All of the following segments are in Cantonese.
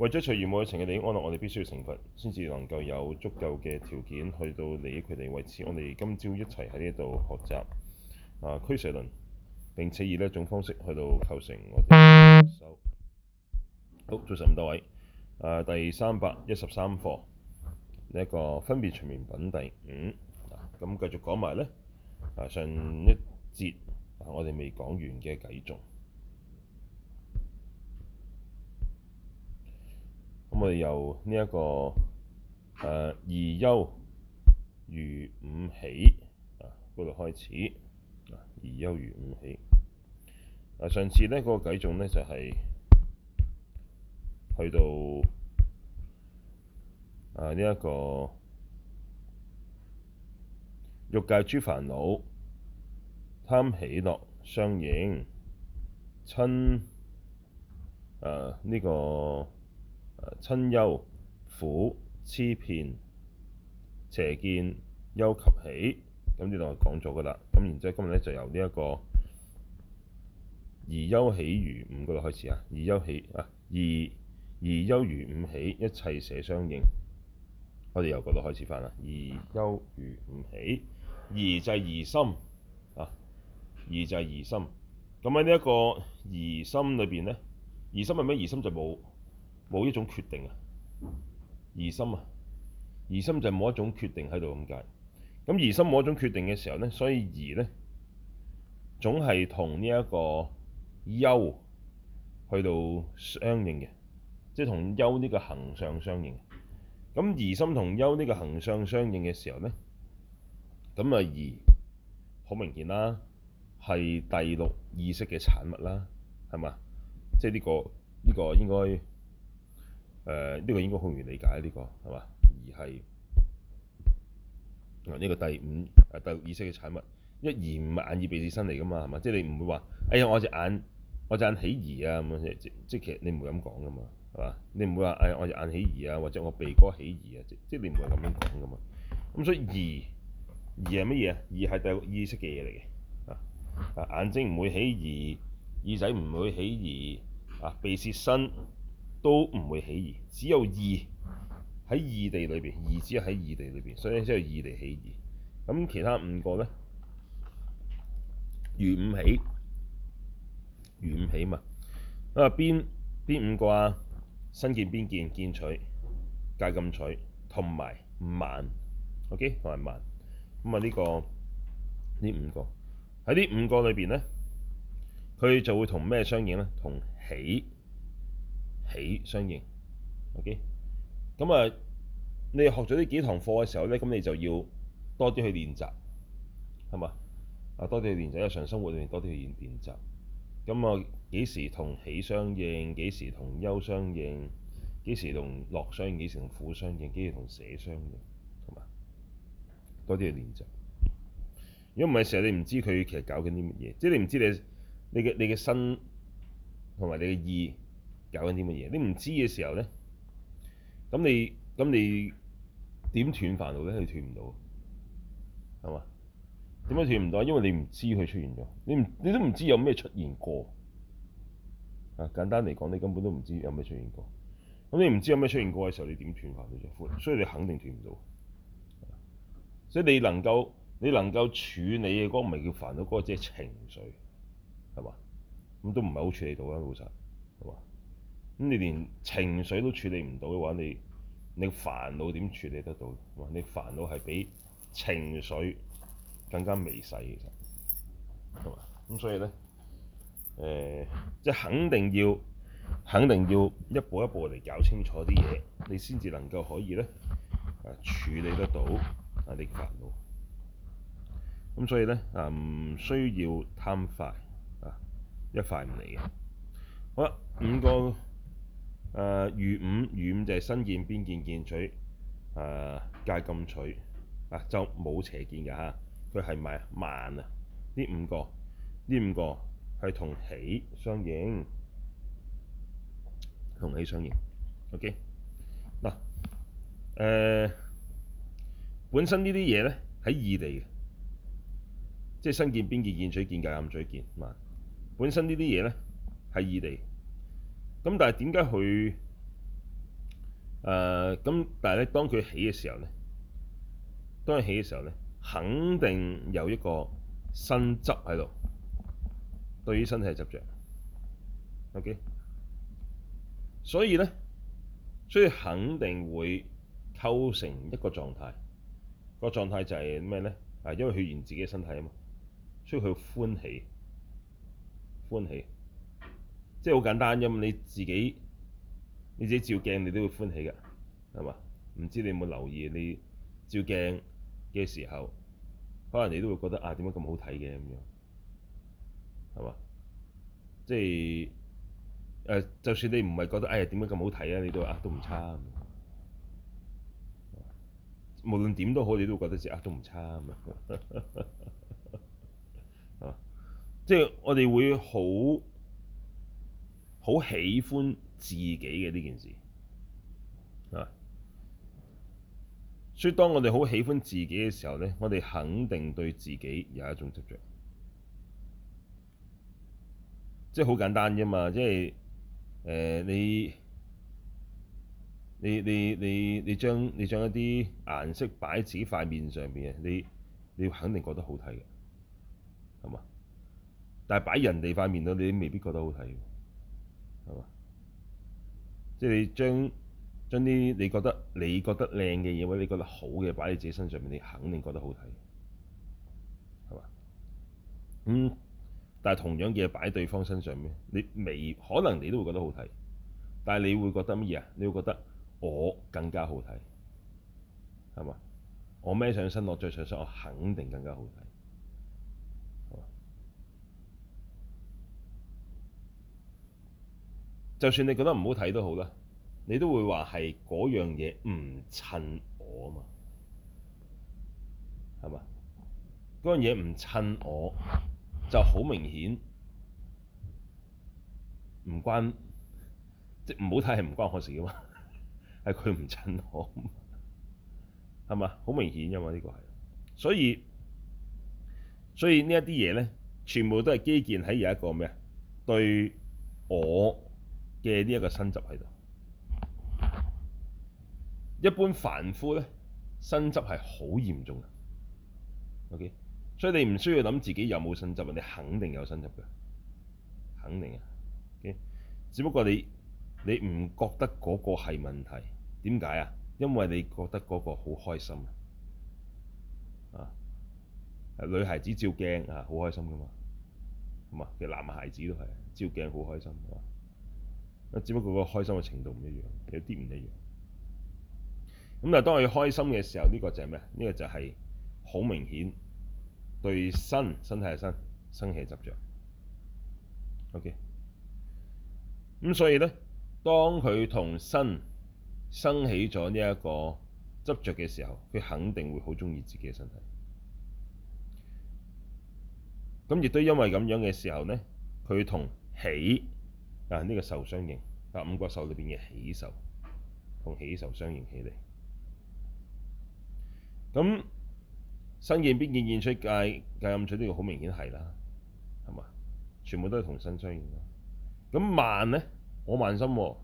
為咗隨緣無有情嘅利益安樂，我哋必須要成佛，先至能夠有足夠嘅條件去到利益佢哋。為此，我哋今朝一齊喺呢度學習啊，俱舍論，並且以呢種方式去到構成我哋手。 好，早晨咁多位。啊，第三百一十三課呢一、這個分別隨眠品第五。咁、嗯啊、繼續講埋咧，啊上一節我哋未講完嘅繼續。我哋由呢、這、一個誒、啊、疑憂餘五喜啊嗰度開始啊，疑憂餘五喜啊，上次呢嗰、那個計數咧就係、是、去到啊呢一、這個欲界諸煩惱貪喜樂相應親呢、啊這個。親憂苦痴、遍邪見憂及喜，咁呢度我講咗噶啦。咁然之後，今日咧就由呢、這、一個疑憂喜餘五個度開始啊。疑憂喜啊，疑疑憂餘五喜，一切捨相應。我哋由嗰度開始翻啊。疑憂餘五喜，疑就係疑心啊，疑就係疑心。咁喺呢一個疑心裏邊咧，疑心係咩？疑心就冇。冇一種決定啊，疑心啊，疑心就係冇一種決定喺度咁解。咁疑心冇一種決定嘅時候咧，所以疑咧，總係同呢一個憂去到相應嘅，即係同憂呢個行相相應。咁疑心同憂呢個行相相應嘅時候咧，咁啊疑好明顯啦，係第六意識嘅產物啦，係嘛？即係呢個呢個應該。誒呢、呃這個應該好容易理解呢、這個係嘛？疑係呢個第五啊、呃、第六意識嘅產物，一疑唔係眼耳鼻舌身嚟㗎嘛，係嘛？即係你唔會話，哎呀我隻眼我隻眼，眼起疑啊咁樣，即即其實你唔會咁講㗎嘛，係嘛？你唔會話，哎我隻眼起疑啊或者我鼻哥起疑啊，即即你唔會咁樣講㗎嘛？咁、嗯、所以疑，疑係乜嘢啊？疑係第六意識嘅嘢嚟嘅啊！啊眼睛唔會起疑，耳仔唔會起疑，啊鼻舌身。都唔會起疑，只有疑喺意地裏邊，疑只喺意地裏邊，所以先有意地起疑。咁其他五個咧，餘五喜，餘五喜嘛。啊，邊邊五個啊？身見、邊見，見取、戒禁取，同埋慢，OK，同埋慢。咁、OK? 啊，呢、呢個呢五個喺呢五個裏邊咧，佢就會同咩相應咧？同喜。喜相應，OK，咁啊，你學咗呢幾堂課嘅時候咧，咁你就要多啲去練習，係嘛？啊，多啲去練習日常生活裏面多啲去練練習。咁啊，幾時同喜相應？幾時同憂相應？幾時同樂相應？幾時同苦相應？幾時同捨相應？係嘛？多啲去練習。如果唔係成日你唔知佢其實搞緊啲乜嘢，即係你唔知你你嘅你嘅身同埋你嘅意。搞緊啲乜嘢？你唔知嘅時候咧，咁你咁你點斷煩惱咧？你斷唔到，係嘛？點解斷唔到？因為你唔知佢出現咗，你唔你都唔知有咩出現過。啊，簡單嚟講，你根本都唔知有咩出現過。咁你唔知有咩出現過嘅時候，你點斷煩惱啫？所以你肯定斷唔到。所以你能夠你能夠處理嘅嗰個唔係叫煩惱，嗰個只係情緒，係嘛？咁都唔係好處理到啦，老實係嘛？咁你連情緒都處理唔到嘅話，你你煩惱點處理得到？你煩惱係比情緒更加微細嘅，其實同埋咁，所以咧誒、呃，即係肯定要肯定要一步一步嚟搞清楚啲嘢，你先至能夠可以咧啊處理得到啊你煩惱。咁、嗯、所以咧啊，唔需要貪快啊，一快唔嚟嘅。好啦，五個。誒餘，呃、五餘五就係身見、邊見、見取、誒戒，呃、禁取，嗱，就冇邪見嘅嚇，佢係咪慢啊？呢，啊、五個呢五個係同喜相應，同喜相應，okay? 啊幾嗱，誒本身呢啲嘢咧喺意地嘅，即係身見、邊見、見取見、戒禁取見、慢本身呢啲嘢咧喺意地。咁但係點解佢誒咁？但係咧，當佢起嘅時候咧，當佢起嘅時候咧，肯定有一個身執喺度，對於身體嘅執着。OK，所以咧，所以肯定會構成一個狀態。個狀態就係咩咧？啊，因為佢緣自己嘅身體啊嘛，所以佢會歡喜，歡喜。即係好簡單，啫嘛，你自己你自己照鏡，你都會歡喜嘅，係嘛？唔知你有冇留意？你照鏡嘅時候，可能你都會覺得啊，點解咁好睇嘅咁樣，係嘛？即係誒、呃，就算你唔係覺得，哎呀，點解咁好睇啊？你都啊都唔差咁。無論點都好，你都會覺得自己啊都唔差啊，係嘛、啊？ 即係我哋會好。好喜歡自己嘅呢件事啊，所以當我哋好喜歡自己嘅時候呢，我哋肯定對自己有一種執着，即係好簡單啫嘛。即係、呃、你你你你你將你將一啲顏色擺喺自己塊面上面，啊，你你肯定覺得好睇嘅，係嘛？但係擺人哋塊面度，你未必覺得好睇。即係你將將啲你覺得你覺得靚嘅嘢，或者你覺得好嘅擺喺自己身上面，你肯定覺得好睇，係嘛？咁、嗯、但係同樣嘅嘢擺喺對方身上面，你未可能你都會覺得好睇，但係你會覺得乜嘢啊？你會覺得我更加好睇，係嘛？我孭上身落着上身我肯定更加好睇。就算你覺得唔好睇都好啦，你都會話係嗰樣嘢唔襯我啊嘛，係嘛？嗰樣嘢唔襯我就好明顯，唔關即唔好睇係唔關我事嘅嘛，係佢唔襯我，係嘛？好明顯嘅嘛，呢、這個呢個係所以所以呢一啲嘢咧，全部都係基建喺有一個咩啊？對我。嘅呢一個身執喺度，一般凡夫咧，身執係好嚴重嘅，OK，所以你唔需要諗自己有冇身執啊，你肯定有身執嘅，肯定啊，OK，只不過你你唔覺得嗰個係問題，點解啊？因為你覺得嗰個好開心啊，啊，女孩子照鏡啊好開心噶嘛，咁啊，其實男孩子都係照鏡好開心只不過個開心嘅程度唔一樣，有啲唔一樣。咁啊，當佢開心嘅時候，呢個就係咩？呢個就係好明顯對身身體嘅身升起執着。OK。咁所以咧，當佢同身升起咗呢一個執着嘅時候，佢肯定會好中意自己嘅身體。咁亦都因為咁樣嘅時候咧，佢同喜。嗱呢、啊這個受相應，啊五個受裏邊嘅喜受同喜受相應起嚟。咁身見、邊見、見取、戒禁取呢個好明顯係啦，係嘛？全部都係同身相應。咁慢呢？我慢心喎、啊，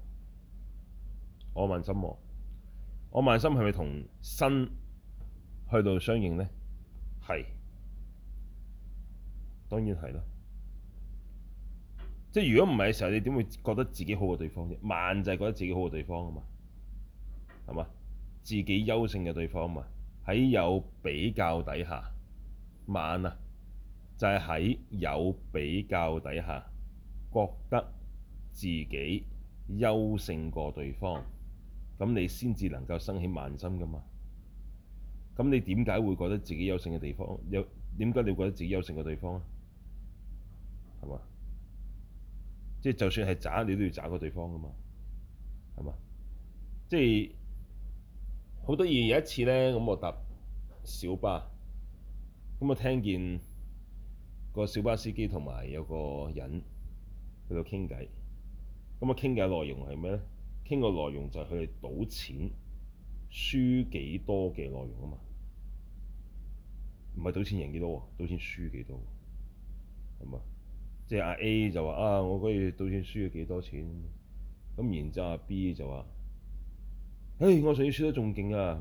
我慢心喎、啊，我慢心係、啊、咪同身去到相應呢？係，當然係啦。即係如果唔係嘅時候，你點會覺得自己好過對方啫？慢就係覺得自己好過對方啊嘛，係嘛？自己優勝嘅對方啊嘛，喺有比較底下，慢啊，就係、是、喺有比較底下覺得自己優勝過對方，咁你先至能夠生起慢心噶嘛。咁你點解會覺得自己優勝嘅地方有？點解你會覺得自己優勝嘅地方啊？係嘛？即係就算係渣，你都要渣過對方噶嘛，係嘛？即係好得意。有一次咧，咁我搭小巴，咁啊聽見個小巴司機同埋有個人喺度傾偈，咁啊傾偈內容係咩咧？傾個內容就係佢哋賭錢輸幾多嘅內容啊嘛，唔係賭錢贏幾多喎，賭錢輸幾多，係嘛？即係阿 A 就話啊，我嗰月賭錢輸咗幾多錢。咁然之後阿 B 就話：嘿、哎，我上次輸得仲勁啊！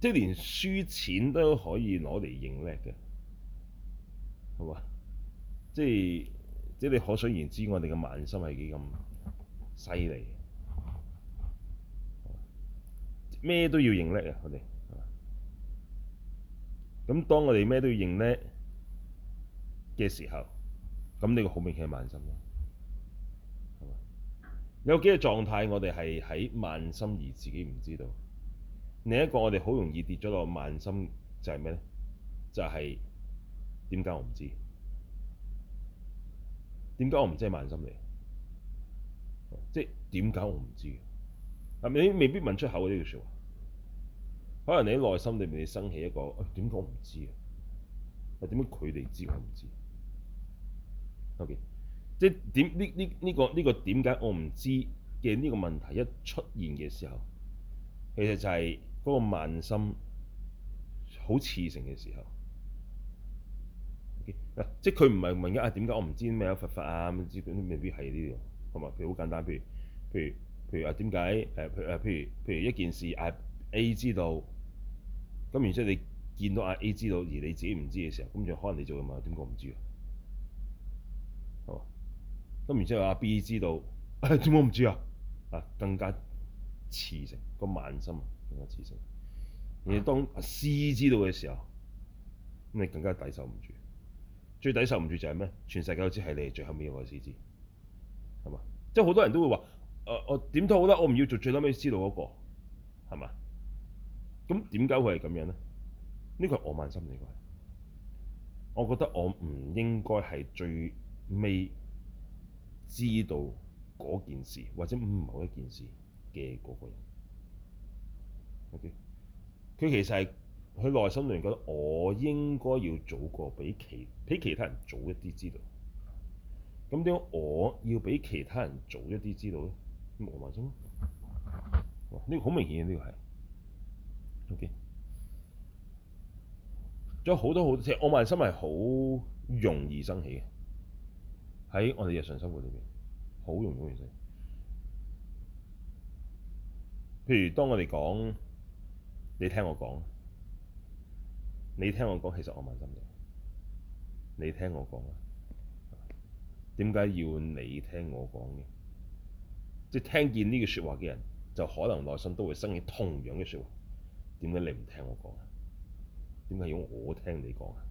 即係連輸錢都可以攞嚟認叻嘅，係嘛？即係即係你可想而知我，我哋嘅慢心係幾咁犀利，咩都要認叻啊！我哋係嘛？咁當我哋咩都要認叻。嘅時候，咁呢個好明顯係慢心咯，係嘛？有幾個狀態，我哋係喺慢心而自己唔知道。另一個我哋好容易跌咗落慢心，就係咩咧？就係點解我唔知？點解我唔知係慢心嚟？即係點解我唔知？啊，你未必問出口呢句說話。可能你喺內心裏面你生起一個，誒、哎，點解我唔知啊？啊，點解佢哋知我唔知？O.K.，即係點呢？呢呢個呢個點解我唔知嘅呢個問題一出現嘅時候，其實就係嗰個慢心好熾盛嘅時候。O.K. 嗱，即佢唔係問緊啊？點解我唔知咩有佛法啊？咁之類都未必係呢樣，係嘛？譬如好簡單，譬如譬如譬如啊，點解誒？譬如譬如，譬如，譬，如，譬，如，譬，如譬如一件事啊，A 知道，咁然之後你見到阿 A 知道，而你自己唔知嘅時候，咁就可能你做嘅問點解我唔知啊？咁然之後，阿 B 知道，點解我唔知啊？啊，更加熾盛，個慢心更加熾盛。啊、而當阿 C 知道嘅時候，咁你更加抵受唔住。最抵受唔住就係咩？全世界都知係你最後尾個 C 知，係嘛？即係好多人都會話：，誒我點都好啦，我唔要做最後尾知道嗰、嗰個，係嘛？咁點解會係咁樣咧？呢個係我慢心嚟㗎。我覺得我唔應該係最尾。知道嗰件事或者唔某一件事嘅嗰個人，O.K.，佢其實係佢內心裏面覺得我應該要早過比其比其他人早一啲知道。咁點解我要比其他人早一啲知道咧？我慢心，呢、呢個好明顯啊！呢個係 O.K.，仲有好多好多，其實我慢心係好容易生起嘅。喺我哋日常生活裏面，好容易完成。譬如當我哋講，你聽我講，你聽我講，其實我問心嘅。你聽我講啊？點解要你聽我講嘅？即係聽見呢句説話嘅人，就可能內心都會生起同樣嘅説話。點解你唔聽我講啊？點解要我聽你講啊？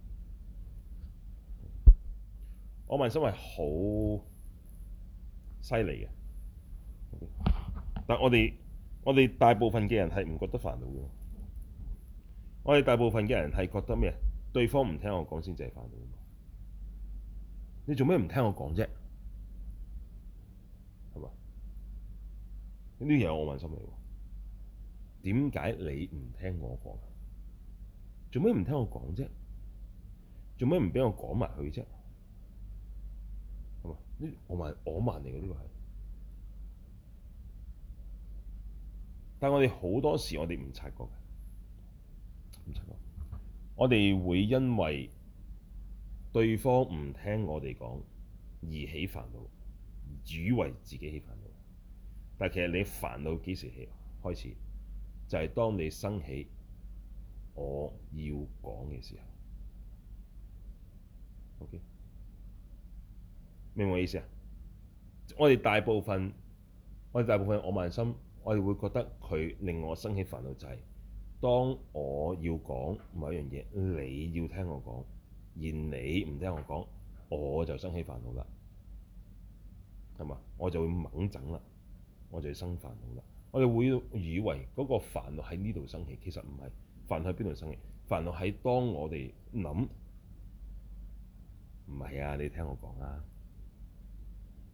我問心係好犀利嘅，但我哋我哋大部分嘅人係唔覺得煩惱嘅。我哋大部分嘅人係覺得咩啊？對方唔聽我講先至係煩惱。你做咩唔聽我講啫？係嘛？呢啲嘢我問心嚟喎。點解你唔聽我講啊？做咩唔聽我講啫？做咩唔畀我講埋去啫？我問，我問嚟嘅呢個係。但我哋好多時我哋唔察覺嘅，唔察覺，我哋會因為對方唔聽我哋講而起煩惱，以為自己起煩惱。但其實你煩惱幾時起開始？就係、是、當你生起我要講嘅時候。O.K. 明唔明我意思啊？我哋大部分，我哋大部分，我慢心，我哋會覺得佢令我生起煩惱就係，當我要講某一樣嘢，你要聽我講，而你唔聽我講，我就生起煩惱啦，係嘛？我就會猛整啦，我就要生煩惱啦。我哋會以為嗰個煩惱喺呢度生起，其實唔係，煩惱喺邊度生起？煩惱喺當我哋諗，唔係啊！你聽我講啊！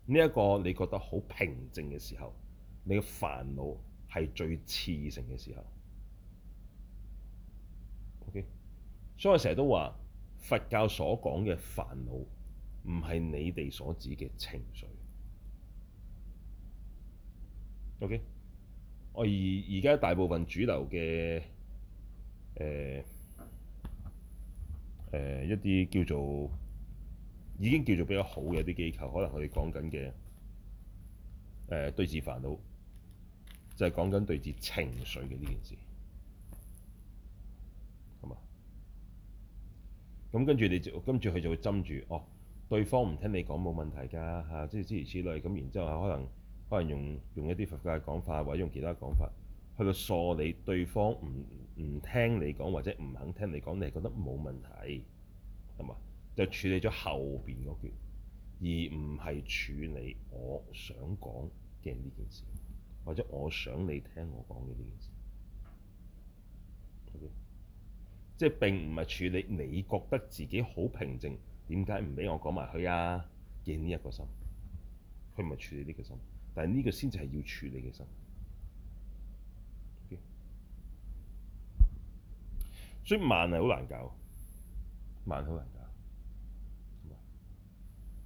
呢一個你覺得好平靜嘅時候，你嘅煩惱係最熾盛嘅時候。OK，所以我成日都話佛教所講嘅煩惱，唔係你哋所指嘅情緒。OK，我而而家大部分主流嘅誒誒一啲叫做。已經叫做比較好嘅一啲機構，可能佢哋講緊嘅誒對治煩惱，就係講緊對治情緒嘅呢件事，係嘛？咁跟住你就跟住佢就會針住哦，對方唔聽你講冇問題㗎嚇，即係諸如此類咁，然之後可能可能用用一啲佛教嘅講法，或者用其他講法去到疏你對方唔唔聽你講或者唔肯聽你講，你係覺得冇問題，係嘛？就處理咗後邊嗰橛，而唔係處理我想講嘅呢件事，或者我想你聽我講嘅呢件事。Okay. 即係並唔係處理你覺得自己好平靜，點解唔俾我講埋去啊？嘅呢一個心，佢唔係處理呢個心，但係呢個先至係要處理嘅心。Okay. 所以慢係好難搞，慢好難搞。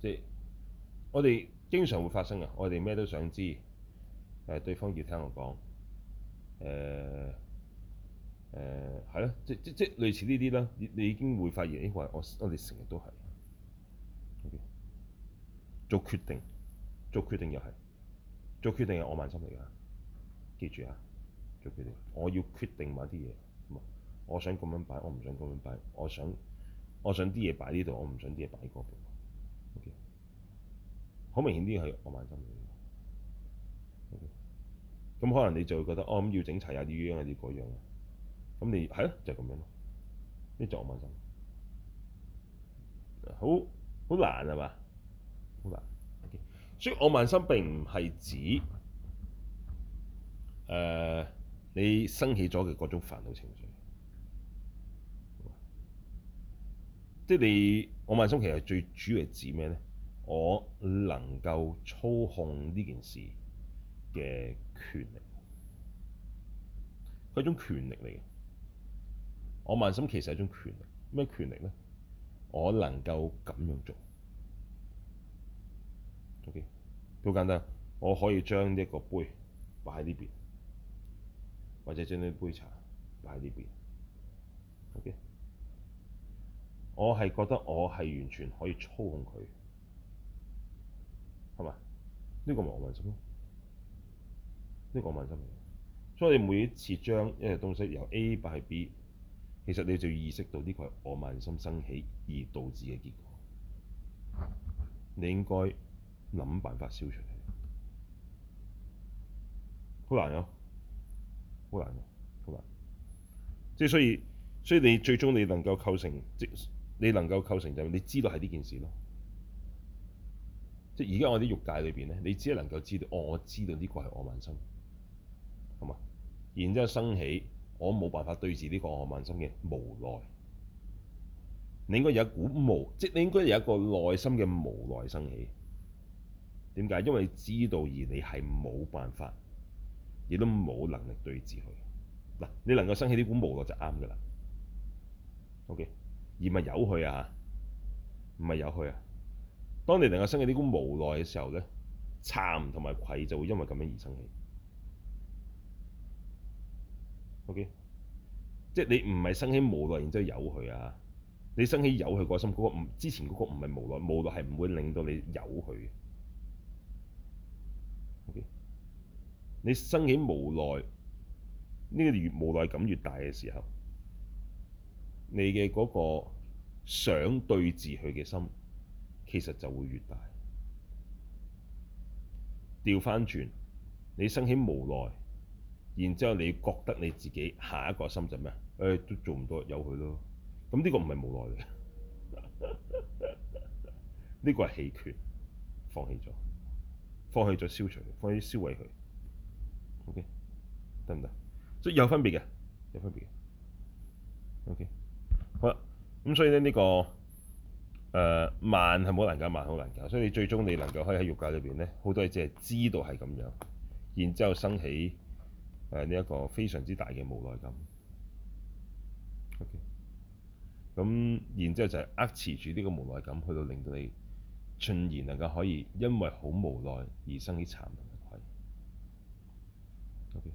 即係我哋經常會發生嘅，我哋咩都想知。誒，對方要聽我講。誒、呃、誒，係、呃、啦，即即即類似呢啲啦。你你已經會發現，咦？我我我哋成日都係。O.K. 做決定，做決定又係做決定，係我慢心嚟㗎。記住啊，做決定，我要決定買啲嘢。唔係，我想咁樣擺，我唔想咁樣擺。我想我想啲嘢擺呢度，我唔想啲嘢擺嗰度。好、okay. 明顯啲嘢係我慢心嚟嘅，咁、okay. 嗯、可能你就會覺得哦，咁要整齊啊啲呢樣啊啲嗰樣，咁你係咯，就係咁樣咯，啲就我慢心，好好難啊嘛，好難。難 okay. 所以我慢心並唔係指誒、呃、你升起咗嘅各種煩惱情緒。即係你，我慢心其實最主要係指咩咧？我能夠操控呢件事嘅權力，佢係一種權力嚟嘅。我慢心其實係一種權力，咩權力咧？我能夠咁樣做，OK，好簡單，我可以將呢一個杯擺喺呢邊，或者將呢杯茶擺喺呢邊，OK。我係覺得我係完全可以操控佢，係嘛？呢個我慢心咯，呢個慢心嚟。所以你每次將一嘢東西由 A 變係 B，其實你就意識到呢個係我慢心生起而導致嘅結果。你應該諗辦法消除佢，好難㗎，好難㗎，好難。即係所以，所以你最終你能夠構成即你能夠構成就你知道係呢件事咯，即係而家我啲欲界裏邊咧，你只係能夠知道，哦，我知道呢個係我慢生，係嘛？然之後生起，我冇辦法對治呢個我慢生嘅無奈，你應該有一股無，即你應該有一個內心嘅無奈生起。點解？因為你知道而你係冇辦法，亦都冇能力對治佢。嗱，你能夠生起呢股無奈就啱嘅啦。OK。而唔係由佢啊，唔係由佢啊。當你能夠生起呢個無奈嘅時候咧，慚同埋愧就會因為咁樣而生起。O.K.，即係你唔係生起無奈，然之後由佢啊。你生起有佢過心嗰、嗰個唔，之前嗰個唔係無奈，無奈係唔會令到你由佢嘅。O.K.，你生起無奈，呢、呢個越無奈感越大嘅時候，你嘅嗰個想對治佢嘅心，其實就會越大。調翻轉，你生起無奈，然之後你覺得你自己下一個心就咩？誒、欸、都做唔到，由佢咯。咁呢個唔係無奈嘅，呢個係棄權，放棄咗，放棄咗消除，放棄消毀佢。OK，得唔得？所以有分別嘅，有分別嘅。OK。好啦，咁所以咧呢個誒慢係冇難搞，慢好難搞，所以你，這個呃、最終你能夠可以喺欲界裏邊咧，好多嘢只係知道係咁樣，然之後生起誒呢一個非常之大嘅無奈感。O.K.，咁然之後就係握持住呢個無奈感，去到令到你進而能夠可以因為好無奈而生起慘痛嘅愧。O.K.，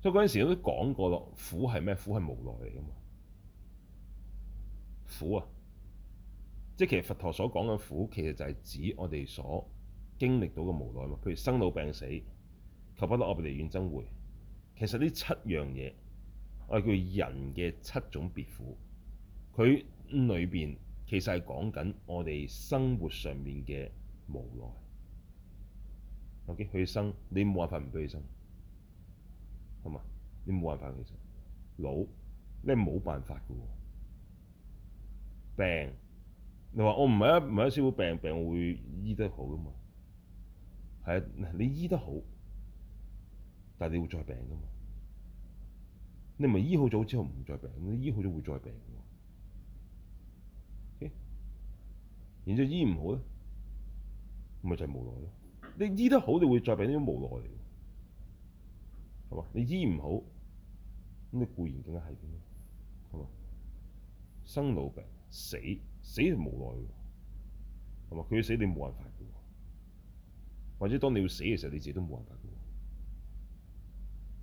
所以嗰陣時我都講過咯，苦係咩？苦係無奈嚟噶嘛。苦啊！即係其實佛陀所講嘅苦，其實就係指我哋所經歷到嘅無奈嘛。譬如生老病死，求不得，愛別離，怨憎會。其實呢七樣嘢，我哋叫人嘅七種別苦。佢裏邊其實係講緊我哋生活上面嘅無奈。我驚佢生，你冇辦法唔俾佢生，係嘛？你冇辦法其實老，你冇辦法嘅喎。病，你話我唔係一唔係一少少病，病我會醫得好噶嘛？係啊，你醫得好，但係你會再病噶嘛？你唔係醫好咗之後唔再病，你醫好咗會再病嘅喎。咦？然之後醫唔好咧，咪就係、係、無奈咯。你醫得好，你會再病呢啲無奈嚟嘅，係嘛？你醫唔好，咁你固然更加係點咧？係嘛？生老病。死死係無奈嘅，係嘛？佢要死，你冇辦法嘅；或者當你要死嘅時候，你自己都冇辦法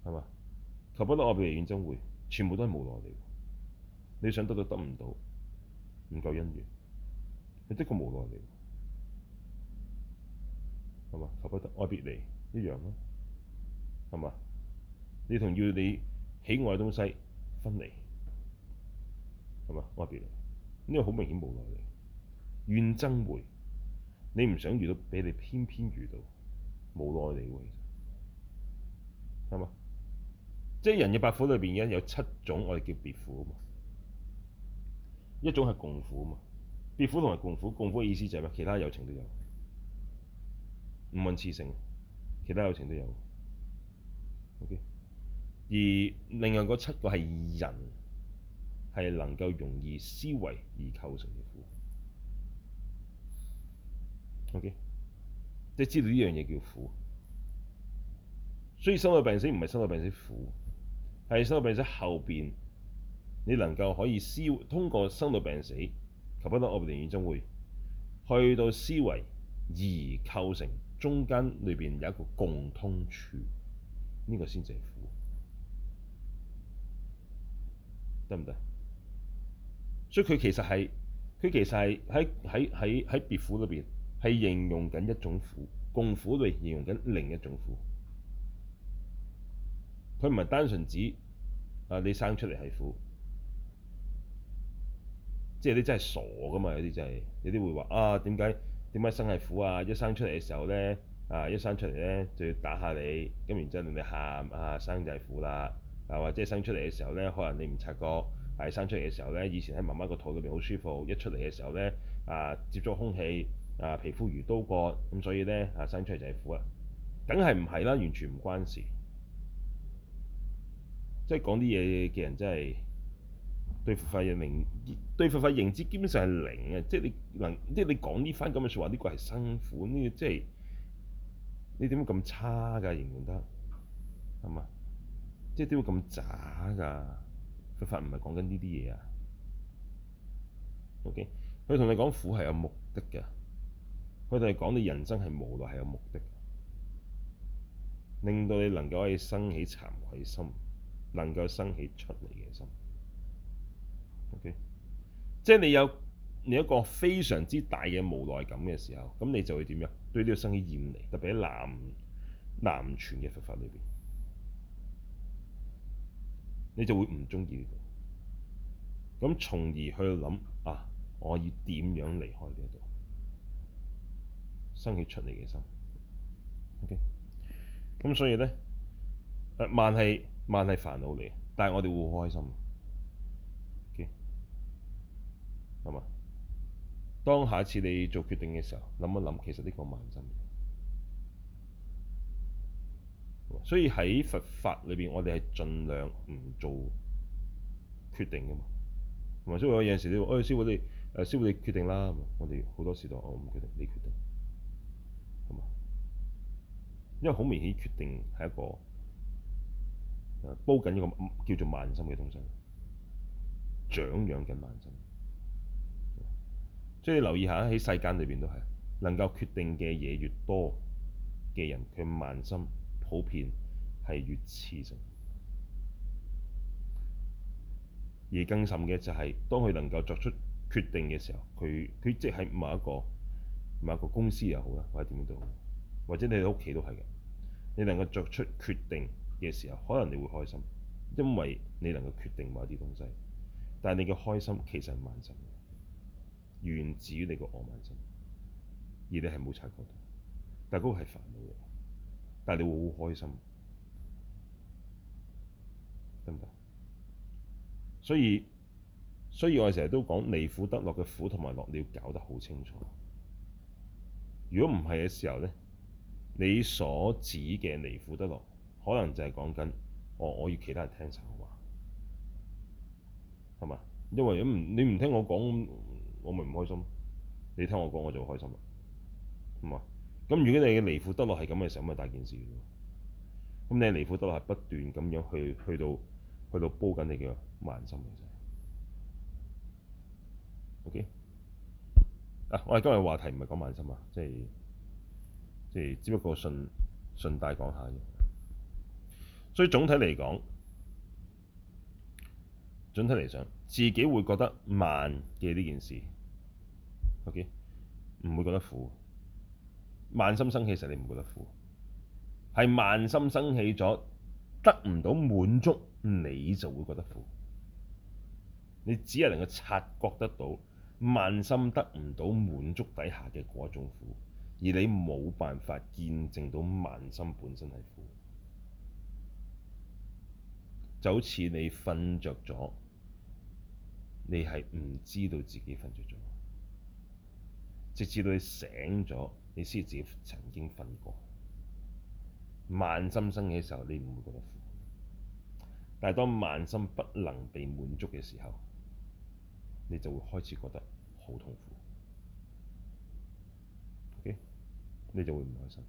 嘅，係嘛？求不得，愛別離，認真會全部都係無奈嚟。你想得到得唔到，唔夠因緣，你的確無奈嚟，係嘛？求不得，愛別離，一樣啦，係嘛？你同要你喜愛嘅東西分離，係嘛？愛別離。呢個好明顯無奈。你怨憎會，你唔想遇到，俾你偏偏遇到，無奈你喎，係嘛？即係人嘅八苦裏邊嘅有七種，我哋叫別苦啊嘛，一種係共苦啊嘛，別苦同埋共苦，共苦嘅意思就係咩？其他有情都有，唔問次性，其他有情都有，OK。而另外嗰七個係人。係能夠容易思維而構成嘅苦，OK，即係知道呢樣嘢叫苦。所以生老病死唔係生老病死苦，係生老病死後邊，你能夠可以通過生老病死及不當外別連染，將會去到思維而構成中間裏邊有一個共通處，呢、這個先至係苦，得唔得？所以佢其實係，佢其實係喺喺喺喺別苦裏邊，係形容緊一種苦，共苦裏形容緊另一種苦。佢唔係單純指啊你生出嚟係苦，即係你真係傻噶嘛！有啲真係有啲會話啊點解點解生係苦啊？一生出嚟嘅時候咧，啊一生出嚟咧就要打下你，咁然之後令你喊啊生仔苦啦，啊、啊或者生出嚟嘅時候咧，可能你唔察覺。係生出嚟嘅時候咧，以前喺媽媽個肚裏邊好舒服，一出嚟嘅時候咧，啊接觸空氣，啊皮膚如刀割，咁所以咧啊生出嚟就係苦啦，梗係唔係啦，完全唔關事。即係講啲嘢嘅人真係對佛法認認，對佛法認知基本上係零啊！即係你能即係你講呢番咁嘅説話，呢個係辛苦，呢個即係你點會咁差㗎認唔得？係嘛？即係點會咁渣㗎？佛法唔係講緊呢啲嘢啊，OK，佢同你講苦係有目的㗎，佢同你講你人生係無奈係有目的，令到你能夠可以生起慚愧心，能夠生起出離嘅心，OK，即係你有你有一個非常之大嘅無奈感嘅時候，咁你就會點樣？對呢個生起厭離，特別喺南南傳嘅佛法裏邊。你就會唔中意呢度，咁從而去諗啊，我要點樣離開呢度，生起出嚟嘅心。OK，咁所以呢，誒慢係慢係煩惱嚟，但係我哋會好開心。OK，係嘛？當下一次你做決定嘅時候，諗一諗，其實呢個慢真。所以喺佛法裏邊，我哋係盡量唔做決定嘅嘛。同埋，所以有陣時你話：我哋師傅你誒師傅，你、呃、師傅你決定啦。我哋好多時都我唔、哦、決定，你決定，係嘛？因為好明顯，決定係一個誒煲緊一個叫做慢心嘅東西，長養緊慢心。所以你留意下喺世間裏邊都係能夠決定嘅嘢越多嘅人，佢慢心。普遍係越遲性，而更甚嘅就係、是、當佢能夠作出決定嘅時候，佢佢即係某一個某一個公司又好啦，或者點樣都好，或者你喺屋企都係嘅，你能夠作出決定嘅時候，可能你會開心，因為你能夠決定某啲東西，但係你嘅開心其實係慢性嘅，源自於你個我慢性，而你係冇察覺到，但係嗰個係煩惱嚟。但係你會好開心，得唔得？所以所以我成日都講離苦得樂嘅苦同埋樂你要搞得好清楚。如果唔係嘅時候咧，你所指嘅離苦得樂，可能就係講緊我我要其他人聽曬我話，係咪？因為咁你唔聽我講，我咪唔開心。你聽我講我就開心啦，唔係？咁如果你嘅嚟富德洛係咁嘅時候，咁咪大件事。咁你嚟富德洛係不斷咁樣去去到去到煲緊你嘅慢心嘅啫。O K。啊，我哋今日話題唔係講慢心啊，即係即係只不過順順帶講下啫。所以總體嚟講，總體嚟想，自己會覺得慢嘅呢件事，O K，唔會覺得苦。慢心生氣，其實你唔覺得苦，係慢心生氣咗得唔到滿足，你就會覺得苦。你只係能夠察覺得到慢心得唔到滿足底下嘅嗰種苦，而你冇辦法見證到慢心本身係苦。就好似你瞓着咗，你係唔知道自己瞓着咗，直至到你醒咗，你先至曾經瞓過，慢心生起嘅時候，你唔會覺得苦，苦；但係當慢心不能被滿足嘅時候，你就會開始覺得好痛苦。Okay? 你就會唔開心。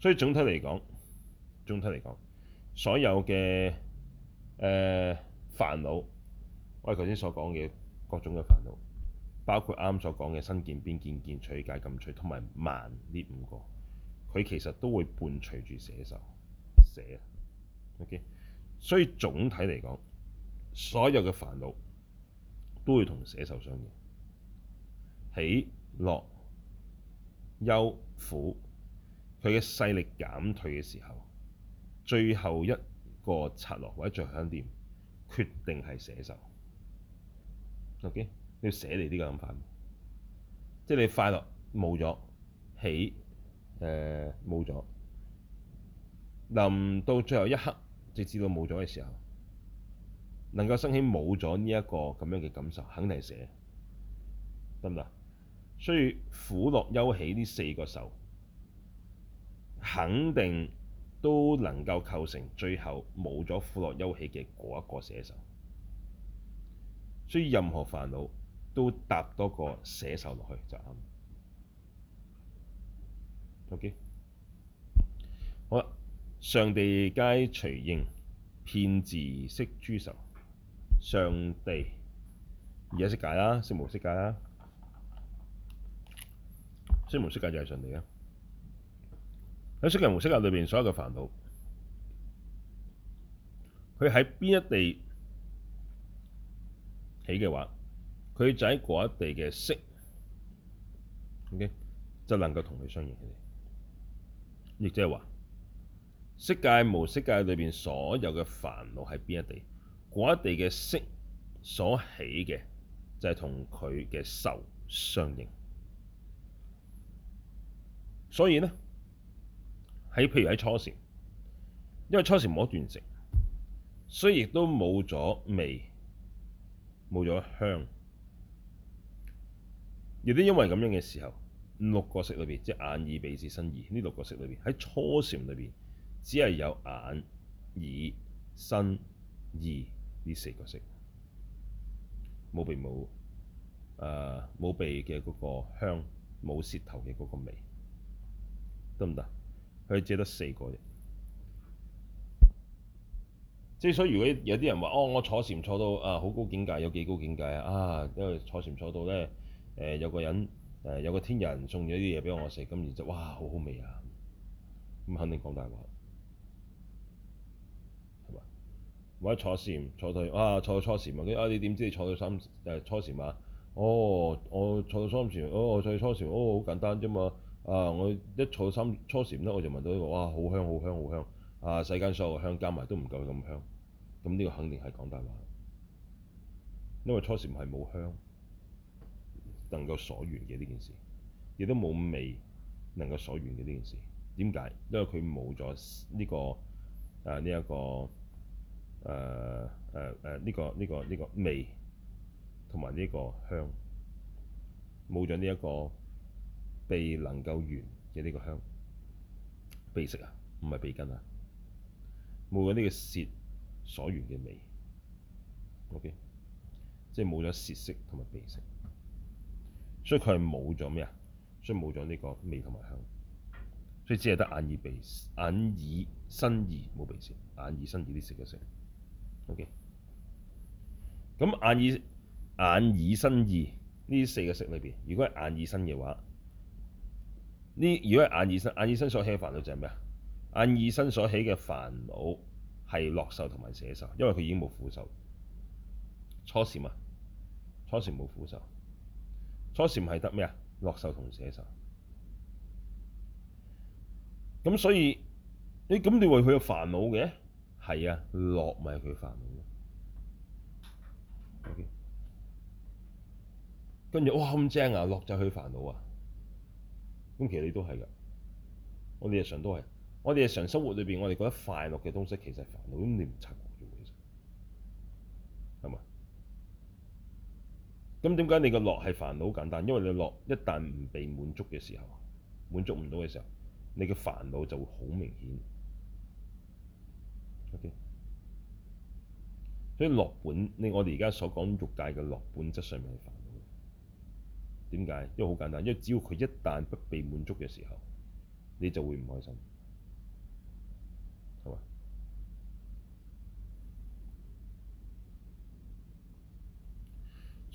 所以總體嚟講，總體嚟講，所有嘅誒、呃、煩惱，我哋頭先所講嘅各種嘅煩惱。包括啱所講嘅身見、邊見、見取、戒禁取，同埋慢呢五個，佢其實都會伴隨住捨受，捨。OK，所以總體嚟講，所有嘅煩惱都會同捨受相應，喜、樂、憂、苦，佢嘅勢力減退嘅時候，最後一個策略或者著想點，決定係捨受。OK。要捨離呢個咁快，即係你快樂冇咗，喜誒冇咗，臨到最後一刻，直至到冇咗嘅時候，能夠生起冇咗呢一個咁樣嘅感受，肯定係捨得唔得。所以苦樂憂喜呢四個受，肯定都能夠構成最後冇咗苦樂憂喜嘅嗰一個捨受。所以任何煩惱。都搭多個寫手落去就啱。OK，好啦，上地皆隨應，遍自識諸受。上地而家色界啦，色無色界啦，色無色界就係上地啊！喺色無色界裏邊，所有嘅煩惱，佢喺邊一地起嘅話？佢仔嗰一地嘅識，OK，就能夠同佢相應。佢哋亦即係話，色界無色界裏邊所有嘅煩惱喺邊一地，嗰一地嘅識所起嘅就係同佢嘅受相應。所以呢，喺譬如喺初禪，因為初禪冇段食，所以亦都冇咗味，冇咗香。亦都因為咁樣嘅時候，六個識裏邊，即係眼、耳、鼻、舌、身、意，呢六個識裏邊，喺初禪裏邊，只係有眼、耳、身、意呢四個識，冇鼻冇，誒、呃、冇鼻嘅嗰個香，冇舌頭嘅嗰個味，得唔得？佢只得四個啫。即係所以，如果有啲人話，哦，我坐禪坐到啊，好高境界，有幾高境界啊？啊，因為坐禪坐到咧。誒有個人誒有個天人送咗啲嘢畀我食，咁然之後就哇好好味啊！咁肯定講大話，係嘛？或者坐禪坐到去，哇、啊、坐到初禪啊！跟住啊你點知你坐到三誒、啊、初禪啊？哦我坐到初五禪哦我坐到初禪，哦好簡單啫嘛！啊我一坐到三初禪咧，我就聞到呢、這個哇好香好香好香啊！世間所有嘅香加埋都唔夠咁香，咁呢、啊這個肯定係講大話，因為初禪係冇香。能夠所緣嘅呢件事，亦都冇味能夠所緣嘅呢件事。點解？因為佢冇咗呢個啊呢一個誒誒誒呢個呢、這個呢個味同埋呢個香，冇咗呢一個鼻能夠緣嘅呢個香鼻識啊，唔係鼻根啊，冇咗呢個舌所緣嘅味。OK，即係冇咗舌識同埋鼻識。所以佢係冇咗咩啊？所以冇咗呢個味同埋香，所以只係得眼耳鼻，眼耳身意，冇鼻舌。眼耳身意啲識嘅識。O.K. 咁眼耳眼耳身意呢四個識裏邊，如果係眼耳身嘅話，呢如果係眼耳身眼耳身所起嘅煩惱就係咩啊？眼耳身所起嘅煩惱係樂受同埋捨受，因為佢已經冇苦受。初禪嘛，初禪冇苦受。初禪唔係得咩啊？樂受同捨受。咁所以，誒咁你話佢有煩惱嘅，係啊，樂咪佢煩惱咯。OK。跟住，哇咁正啊，樂就係佢煩惱啊。咁其實你都係㗎，我哋日常都係，我哋日常生活裏邊，我哋覺得快樂嘅東西其實係煩惱，咁你唔察覺住咩啫？係嘛？咁點解你個樂係煩惱？好簡單，因為你樂一旦唔被滿足嘅時候，滿足唔到嘅時候，你嘅煩惱就會好明顯。Okay? 所以樂本，我哋而家所講欲界嘅樂本質上面係煩惱。點解？因為好簡單，因為只要佢一旦不被滿足嘅時候，你就會唔開心。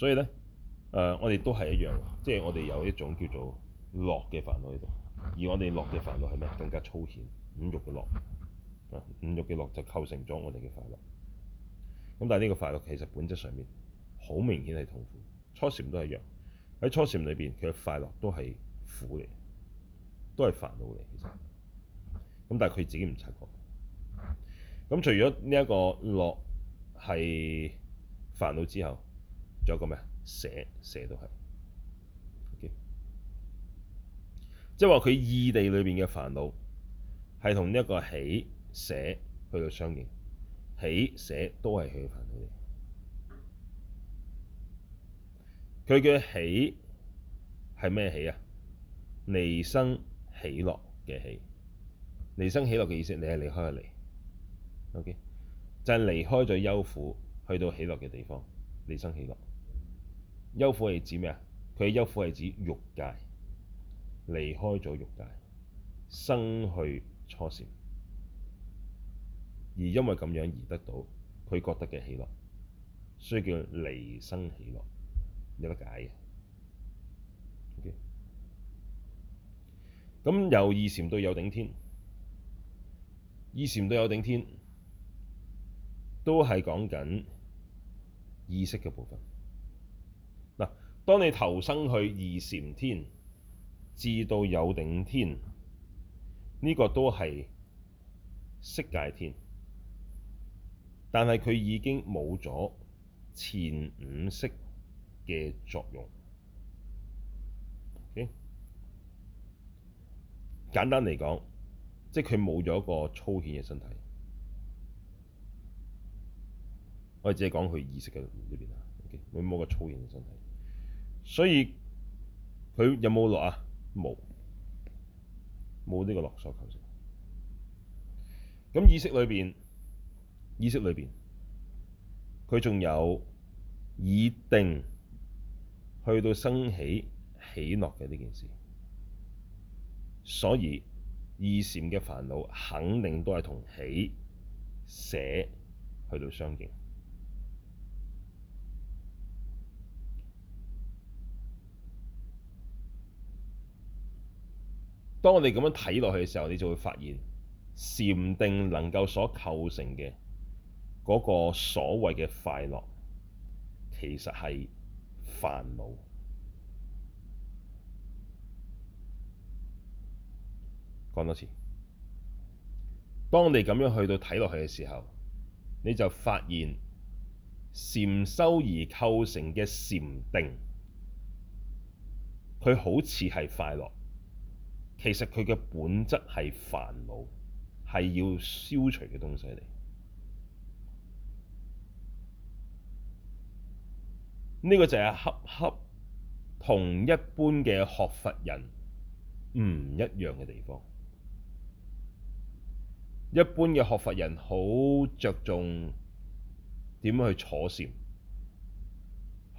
所以咧，誒、呃，我哋都係一樣，即係我哋有一種叫做樂嘅煩惱喺度。而我哋樂嘅煩惱係咩？更加粗顯五欲嘅樂啊，五欲嘅樂，樂就構成咗我哋嘅快樂。咁但係呢個快樂其實本質上面好明顯係痛苦。初禪都係一樣，喺初禪裏邊，佢嘅快樂都係苦嘅，都係煩惱嚟。其實咁，但係佢自己唔察覺。咁除咗呢一個樂係煩惱之後，仲有個咩啊？捨捨都係，okay? 即係話佢意地裏邊嘅煩惱，係同一個喜捨去到相應，喜捨都係佢嘅煩惱嚟。佢嘅喜係咩喜啊？離生喜樂嘅喜。「離生喜樂」嘅意思，你係離開嘅離，OK，就係離開咗憂苦，去到喜樂嘅地方，離生喜樂。憂苦係指咩啊？佢嘅憂苦係指欲界，離開咗欲界，生去初禪，而因為咁樣而得到佢覺得嘅喜樂，所以叫離生喜樂，有得解嘅。咁、okay? 由二禪到有頂天，二禪到有頂天，都係講緊意識嘅部分。當你投生去二禪天至到有頂天呢、這個都係色界天，但係佢已經冇咗前五識嘅作用。Okay? 簡單嚟講，即係佢冇咗一個粗顯嘅身體。我哋只係講佢意識嘅裏邊啊，冇、okay? 冇個粗顯嘅身體。所以佢有冇樂啊？冇，冇呢個樂所構成。咁意識裏邊，意識裏邊，佢仲有以定去到生起喜樂嘅呢件事。所以二禪嘅煩惱肯定都係同喜捨去到相應。當我哋咁樣睇落去嘅時候，你就會發現禪定能夠所構成嘅嗰個所謂嘅快樂，其實係煩惱。講多次，當你咁樣去到睇落去嘅時候，你就發現禪修而構成嘅禪定，佢好似係快樂。其實佢嘅本質係煩惱，係要消除嘅東西嚟。呢個就係恰恰同一般嘅學佛人唔一樣嘅地方。一般嘅學佛人好着重點樣去坐禪，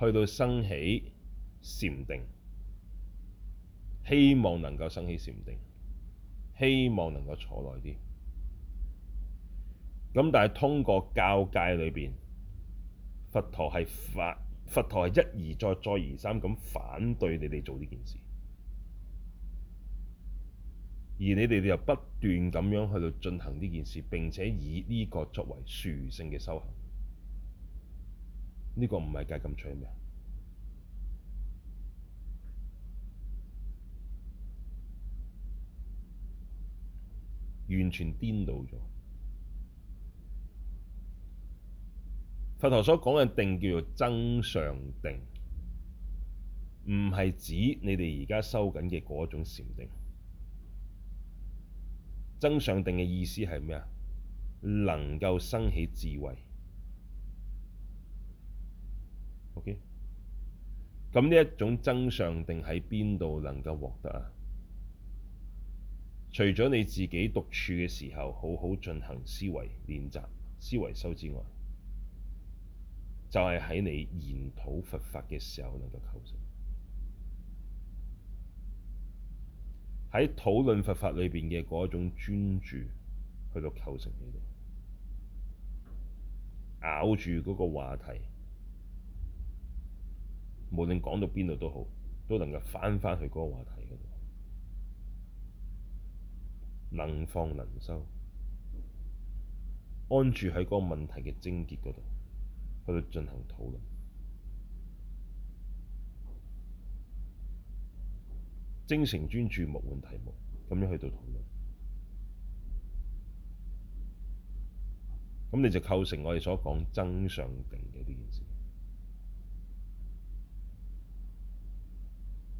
去到生起禪定。希望能夠生起禪定，希望能夠坐耐啲。咁但係通過教界裏邊，佛陀係反，佛陀係一而再、再而三咁反對你哋做呢件事，而你哋又不斷咁樣去到進行呢件事，並且以呢個作為殊勝嘅修行。呢個唔係戒禁取咩？完全顛倒咗。佛陀所講嘅定叫做增上定，唔係指你哋而家修緊嘅嗰種禪定。增上定嘅意思係咩啊？能夠生起智慧。OK，咁呢一種增上定喺邊度能夠獲得啊？除咗你自己獨處嘅時候，好好進行思維練習、思維修之外，就係喺你研討佛法嘅時候能夠構成，喺討論佛法裏邊嘅嗰種專注，去到構成你哋咬住嗰個話題，無論講到邊度都好，都能夠返返去嗰個話題度。能放能收，安住喺嗰個問題嘅症結嗰度，去到進行討論，精誠專注，勿換題目，咁樣去到討論，咁你就構成我哋所講真相定嘅呢件事。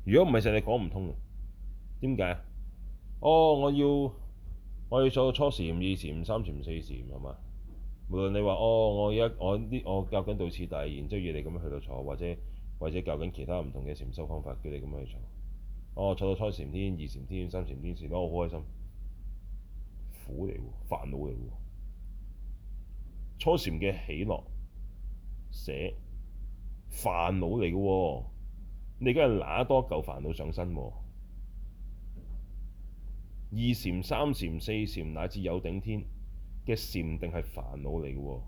如果唔係就你講唔通嘅，點解？哦，我要。我要坐到初禪唔二禪、三禪唔四禪係嘛？無論你話哦，我一我呢我教緊對治，但係然之後要你咁樣去到坐，或者或者教緊其他唔同嘅禪修方法，叫你咁樣去坐。哦，坐到初禪唔二禪天、三禪天時，都好開心。苦嚟喎，煩惱嚟喎。初禪嘅喜樂、捨，煩惱嚟嘅喎。你而家揦多嚿煩惱上身喎。二禪、三禪、四禪乃至有頂天嘅禪定係煩惱嚟嘅喎，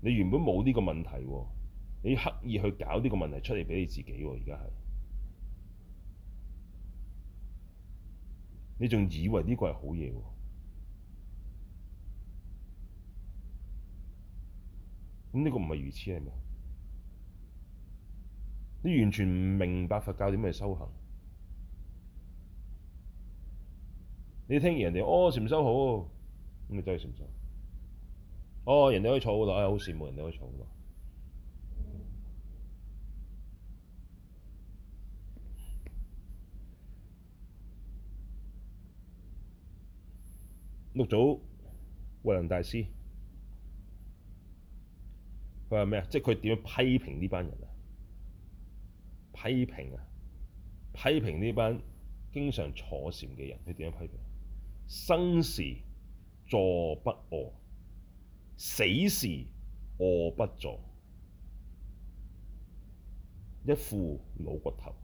你原本冇呢個問題喎，你刻意去搞呢個問題出嚟畀你自己喎，而家係，你仲以為呢個係好嘢喎？咁呢個唔係如此係咪？你完全唔明白佛教點樣嚟修行。你聽完人哋哦禪修好，咁你真係禪修。哦，人哋可以坐好耐，好羨慕人哋可以坐好耐。 六祖慧能大師，佢話咩啊？即係佢點樣批評呢班人啊？批評啊！批評呢班經常坐禪嘅人，佢點樣批評？生時坐不卧，死時卧不坐，一副老骨頭，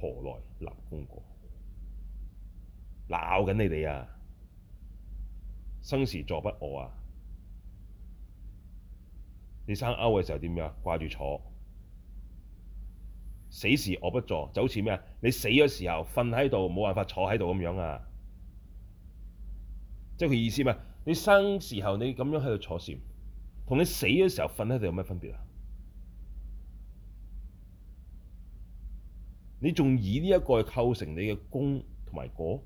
何來立功過？鬧緊你哋啊！生時坐不卧啊！你生勾嘅時候點樣啊？掛住坐，死時卧不坐就好似咩啊？你死嘅時候瞓喺度，冇辦法坐喺度咁樣啊！即係佢意思嘛？你生時候你咁樣喺度坐禪，同你死嘅時候瞓喺度有乜分別啊？你仲以呢一個去構成你嘅功同埋果？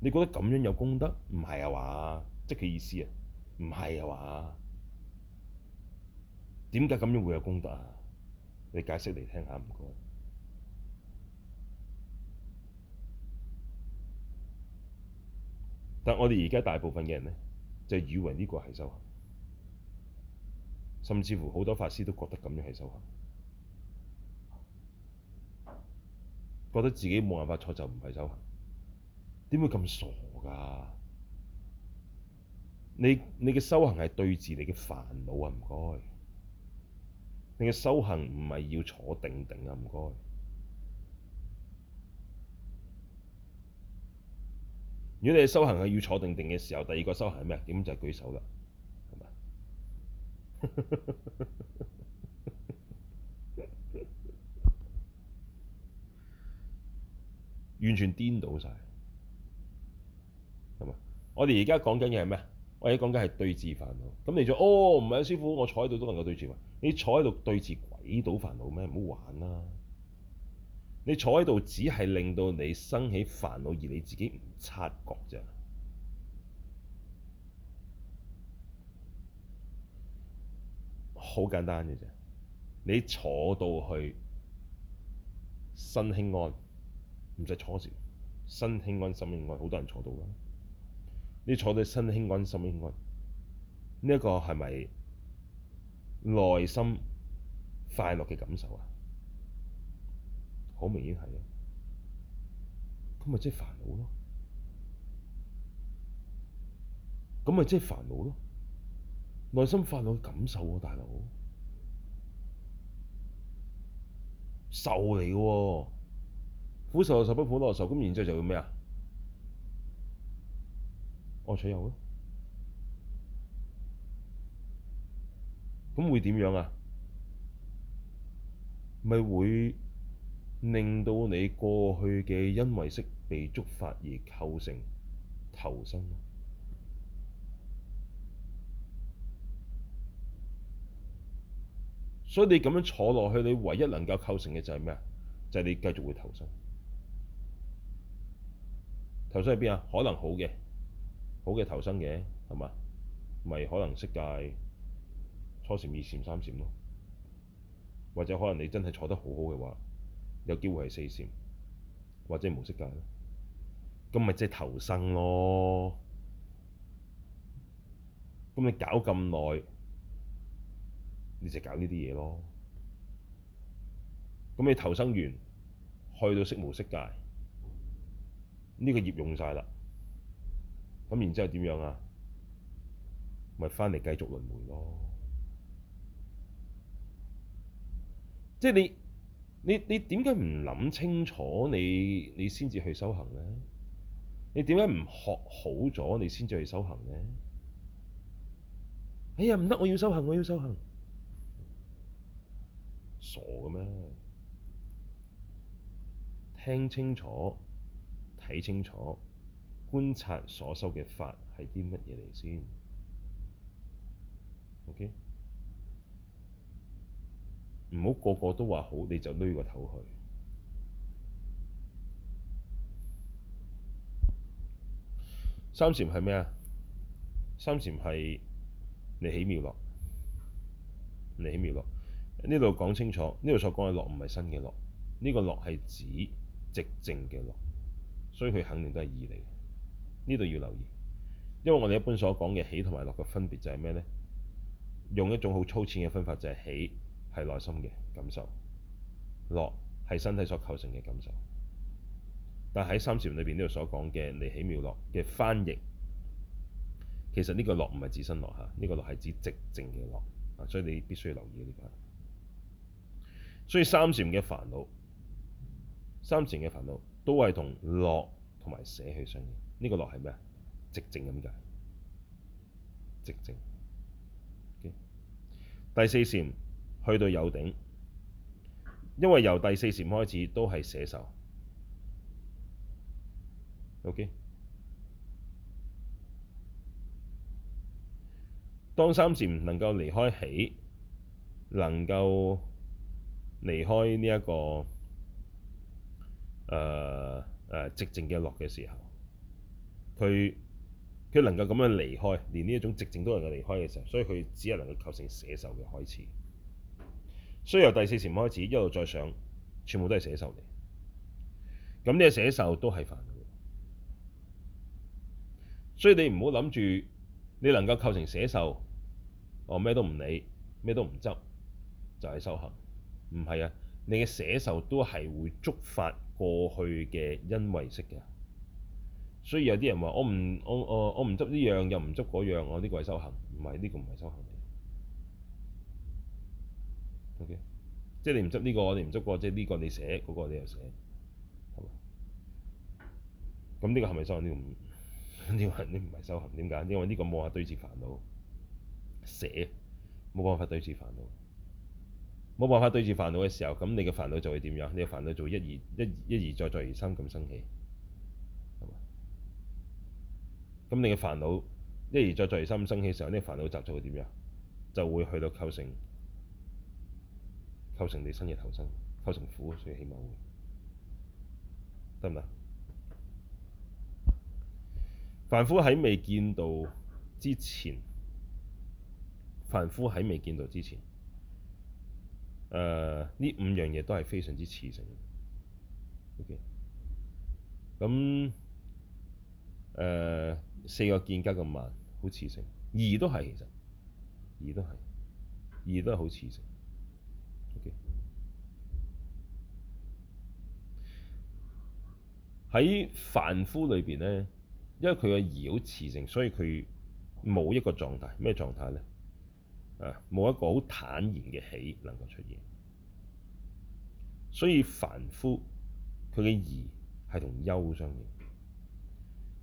你覺得咁樣有功德？唔係啊話，即係佢意思啊，唔係啊話，點解咁樣會有功德啊？你解釋嚟聽下唔該。我哋而家大部分嘅人呢，就以為呢個係修行，甚至乎好多法師都覺得咁樣係修行，覺得自己冇辦法坐就唔係修行，點會咁傻㗎？你你嘅修行係對治你嘅煩惱啊，唔該。你嘅修行唔係要坐定定啊，唔該。如果你修行係要坐定定嘅時候，第二個修行係咩？噉就係舉手啦，係咪？ 完全顛倒晒。咁啊，我哋而家講緊嘅係咩啊？我哋而家講緊係對治煩惱。咁你再哦，唔係師傅，我坐喺度都能夠對治煩惱。你坐喺度對治鬼到煩惱咩？唔好玩啦！你坐喺度，只係令到你生起煩惱，而你自己唔察覺啫。好簡單嘅啫。你坐到去身輕安，唔使坐時身輕安、心輕安，好多人坐到噶。你坐到身輕安、心輕安，呢一個係咪內心快樂嘅感受啊？好明顯係啊！咁咪即係煩惱咯，咁咪即係煩惱咯。內心煩惱感受喎，啊，大佬，受嚟嘅喎，苦受受不苦耐受。咁然之後就會咩啊？愛，取有咯，咁會點樣啊？咪會？令到你過去嘅因為識被觸發而構成投生，所以你咁樣坐落去，你唯一能夠構成嘅就係咩啊？就係、是、你繼續會投生。投身喺邊啊？可能好嘅，好嘅投身嘅，係嘛？咪可能色界初禪、二禪、三禪咯，或者可能你真係坐得好好嘅話。有機會係四禪，或者無色界咧，咁咪即係投生咯。咁你搞咁耐，你就搞呢啲嘢咯。咁你投生完，去到色無色界，呢個業用晒啦，咁然之後點樣啊？咪翻嚟繼續輪迴咯。即係你。你你點解唔諗清楚你？你你先至去修行呢？你點解唔學好咗？你先至去修行呢？哎呀，唔得！我要修行，我要修行。傻嘅咩？聽清楚，睇清楚，觀察所修嘅法係啲乜嘢嚟先。Okay. 唔好個個都話好，你就擸個頭去。三禪係咩啊？三禪係離喜妙樂，離喜妙樂。呢度講清楚，呢度所講嘅樂唔係新嘅樂，呢、呢個樂係指寂靜嘅樂，所以佢肯定都係二嚟。呢度要留意，因為我哋一般所講嘅喜同埋樂嘅分別就係咩咧？用一種好粗淺嘅分法就係喜。係內心嘅感受，樂係身體所構成嘅感受。但喺三禪裏邊呢度所講嘅離喜妙樂嘅翻譯，其實呢個樂唔係指身樂吓，呢、這個樂係指寂靜嘅樂啊，所以你必須要留意呢、這個。所以三禪嘅煩惱，三禪嘅煩惱都係同樂同埋捨去相應。呢、這個樂係咩啊？寂靜噉解，寂靜，okay? 第四禪。去到有頂，因為由第四禪開始都係捨受。OK，當三禪唔能夠離開起，能夠離開呢、這、一個誒誒寂靜嘅落嘅時候，佢佢能夠咁樣離開，連呢一種寂靜都能夠離開嘅時候，所以佢只係能夠構成捨受嘅開始。所以由第四禪開始一路再上，全部都係捨受嚟。咁呢個捨受都係煩嘅。所以你唔好諗住你能夠構成捨受，我、哦、咩都唔理，咩都唔執，就係修行。唔係啊，你嘅捨受都係會觸發過去嘅因位識嘅。所以有啲人話：我唔我我我唔執呢樣又唔執嗰樣，我呢、哦呢個係修行，唔係，呢個唔係修行。Okay. 即係你唔執呢個，你唔執個，即係呢個你寫，嗰、那個你又寫，係嘛？咁呢個係咪修？行、這、呢、個？唔 呢個呢唔係修行，點解？因為呢個冇法對治煩惱，寫冇辦法對治煩惱，冇辦法對治煩惱嘅時候，咁你嘅煩惱就會點樣？你嘅煩惱就會一而一一而再再而三咁生起，係嘛？咁你嘅煩惱一而再再而三生起嘅時候，呢煩惱集就會點樣？就會去到構成。構成你新嘅投生，構成苦，所以起猛嘅，得唔得？凡夫喺未見道之前，凡夫喺未見道之前，誒、呃、呢五樣嘢都係非常之熾盛。O.K.，咁、嗯、誒、呃、四個見加咁慢，好熾盛；疑都係其實，疑都係，疑都係好熾盛。喺凡夫裏邊咧，因為佢嘅疑好熾盛，所以佢冇一個狀態。咩狀態咧？啊，冇一個好坦然嘅喜能夠出現。所以凡夫佢嘅疑係同憂相應，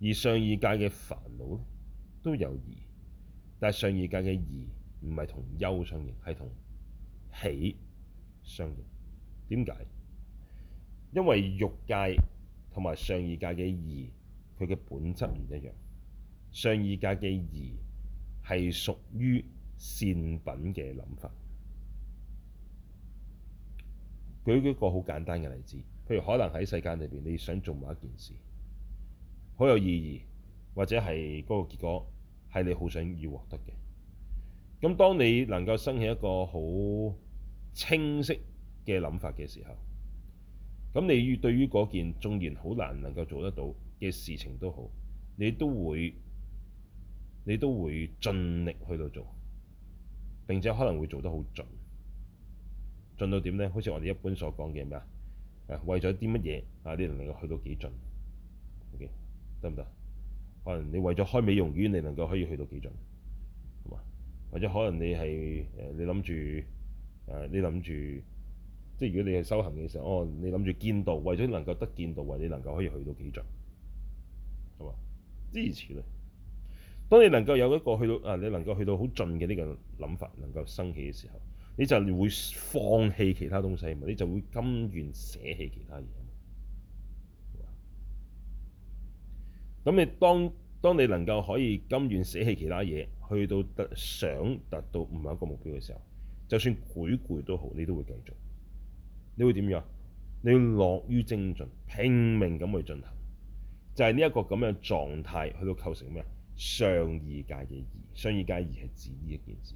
而上二界嘅煩惱咧都有疑，但係上二界嘅疑唔係同憂相應，係同喜相應。點解？因為欲界，同埋上二界嘅疑，佢嘅本質唔一樣。上二界嘅疑係屬於善品嘅諗法。舉舉個好簡單嘅例子，譬如可能喺世界裏邊，你想做某一件事，好有意義，或者係嗰個結果係你好想要獲得嘅。咁當你能夠生起一個好清晰嘅諗法嘅時候，咁你於，對於嗰件縱然好難能夠做得到嘅事情都好，你都會，你都會盡力去到做，並且可能會做得好盡，盡到點呢？好似我哋一般所講嘅咩啊？誒，為咗啲乜嘢，你能夠去到幾盡？O.K. 得唔得？可能你為咗開美容院，你能夠可以去到幾盡？係嘛？或者可能你係誒，你諗住誒，你諗住。即係如果你係修行嘅時候，哦，你諗住見道為咗能夠得見道話你能夠可以去到幾盡係嘛？支持咧。當你能夠有一個去到啊，你能夠去到好盡嘅呢個諗法，能夠升起嘅時候，你就會放棄其他東西，你就會甘願捨棄其他嘢。咁你當當你能夠可以甘願捨棄其他嘢，去到達想達到某一個目標嘅時候，就算攰攰都好，你都會繼續。你會點樣？你會樂於精進，拼命咁去進行，就係呢一個咁樣狀態去到構成咩？上二界嘅疑，上二界疑係指呢一件事，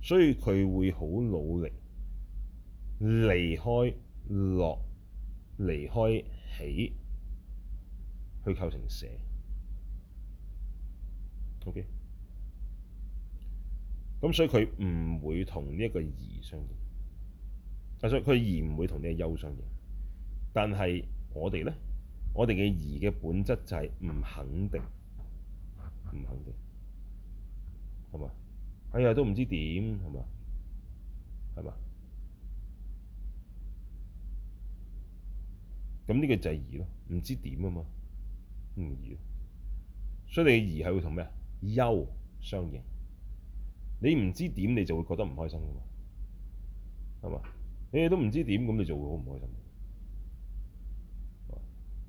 所以佢會好努力離開樂、離開喜去構成捨。O.K. 咁所以佢唔會同呢一個疑相。所以佢疑唔會同你嘅憂相應，但係我哋咧，我哋嘅疑嘅本質就係唔肯定，唔肯定係嘛？哎呀，都唔知點係嘛？係嘛？咁呢個就係疑咯，唔知點啊嘛，唔疑。所以你嘅疑係會同咩啊？憂相應。你唔知點，你就會覺得唔開心㗎嘛？係嘛？你都唔知點咁，你就會好唔開心。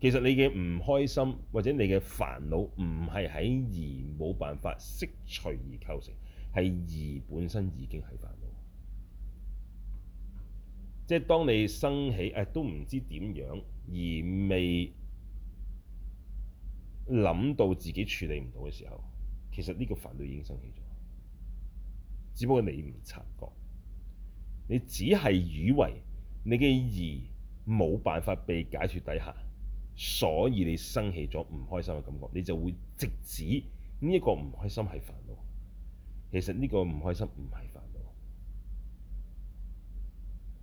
其實你嘅唔開心或者你嘅煩惱，唔係喺而冇辦法釋除而構成，係而本身已經係煩惱。即係當你生起，誒都唔知點樣，而未諗到自己處理唔到嘅時候，其實呢個煩惱已經生起咗，只不過你唔察覺。你只係以為你嘅疑冇辦法被解除底下，所以你生起咗唔開心嘅感覺，你就會直指呢一個唔開心係煩惱。其實呢個唔開心唔係煩惱，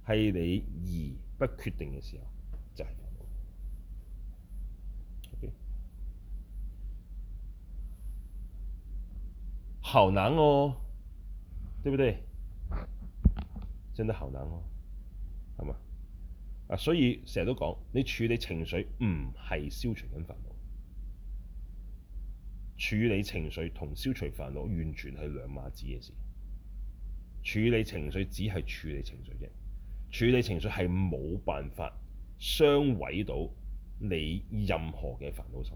係你疑不決定嘅時候就係煩惱。Okay. 好難哦，對不對？真得好難咯，係嘛啊？所以成日都講，你處理情緒唔係消除緊煩惱，處理情緒同消除煩惱完全係兩碼子嘅事。處理情緒只係處理情緒啫，處理情緒係冇辦法傷毀到你任何嘅煩惱心。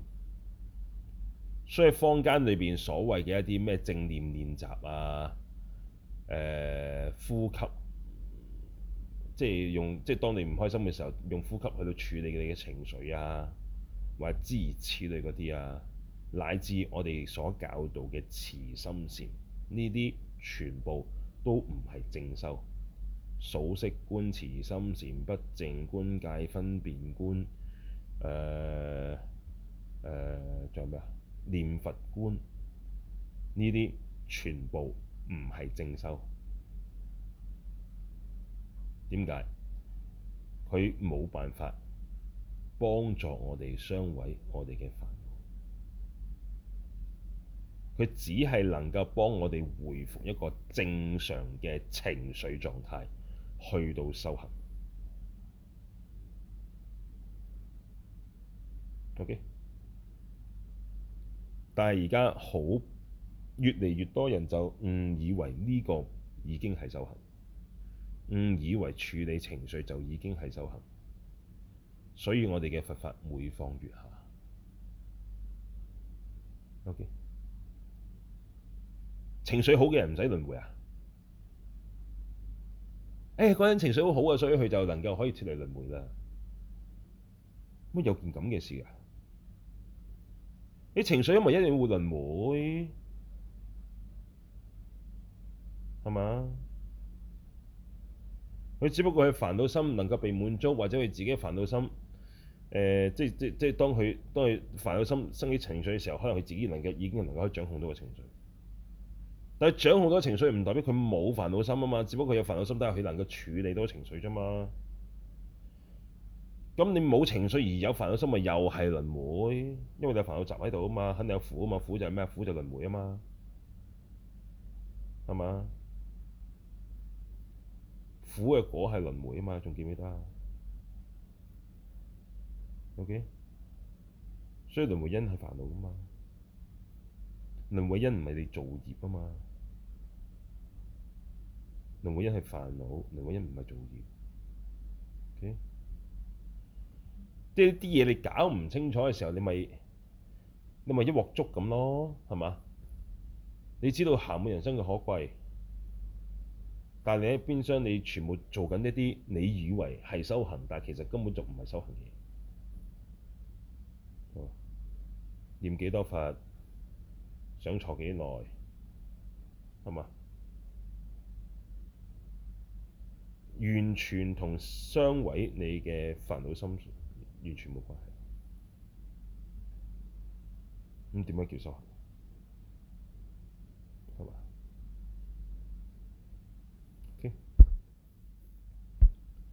所以坊間裏邊所謂嘅一啲咩正念練習啊、誒、呃、呼吸，即係用，即係當你唔開心嘅時候，用呼吸去到處理你嘅情緒啊，或者之如此類諸如此類嗰啲啊，乃至我哋所教導嘅慈心禪，呢啲全部都唔係正修。數息觀、慈心禪、不淨觀、界分別觀、誒誒仲有咩啊？念佛觀，呢啲全部唔係正修。點解？佢冇辦法幫助我哋消毀我哋嘅煩惱，佢只係能夠幫我哋回復一個正常嘅情緒狀態，去到修行。OK 但。但係而家好越嚟越多人就誤以為呢個已經係修行。誤以為處理情緒就已經係修行，所以我哋嘅佛法每況愈下。OK，情緒好嘅人唔使輪迴啊？誒、欸，嗰人情緒好好啊，所以佢就能夠可以脫離輪迴啦。乜有件咁嘅事啊？你、欸、情緒一咪一定會輪迴，係咪？佢只不過係煩惱心能夠被滿足，或者佢自己煩惱心，誒、呃，即即即當佢當佢煩惱心升起情緒嘅時候，可能佢自己能夠已經能夠掌控到個情緒。但係掌控到情緒唔代表佢冇煩惱心啊嘛，只不過佢有煩惱心，但係佢能夠處理到情緒啫嘛。咁你冇情緒而有煩惱心，咪又係輪迴，因為你有煩惱集喺度啊嘛，肯定有苦啊嘛，苦就係咩？苦就輪迴啊嘛，係嘛？苦嘅果係輪迴啊嘛，仲記唔記得啊？OK，所以輪迴因係煩惱啊嘛，輪迴因唔係你造業啊嘛，輪迴因係煩惱，輪迴因唔係造業。OK，即係呢啲嘢你搞唔清楚嘅時候，你咪你咪一鑊粥咁咯，係嘛？你知道鹹嘅人生嘅可貴。但係你喺邊廂，你全部做緊一啲你以為係修行，但其實根本就唔係修行嘢，哦。念幾多法，想坐幾耐，係嘛？完全同傷毀你嘅煩惱心完全冇關係。咁點樣叫修行？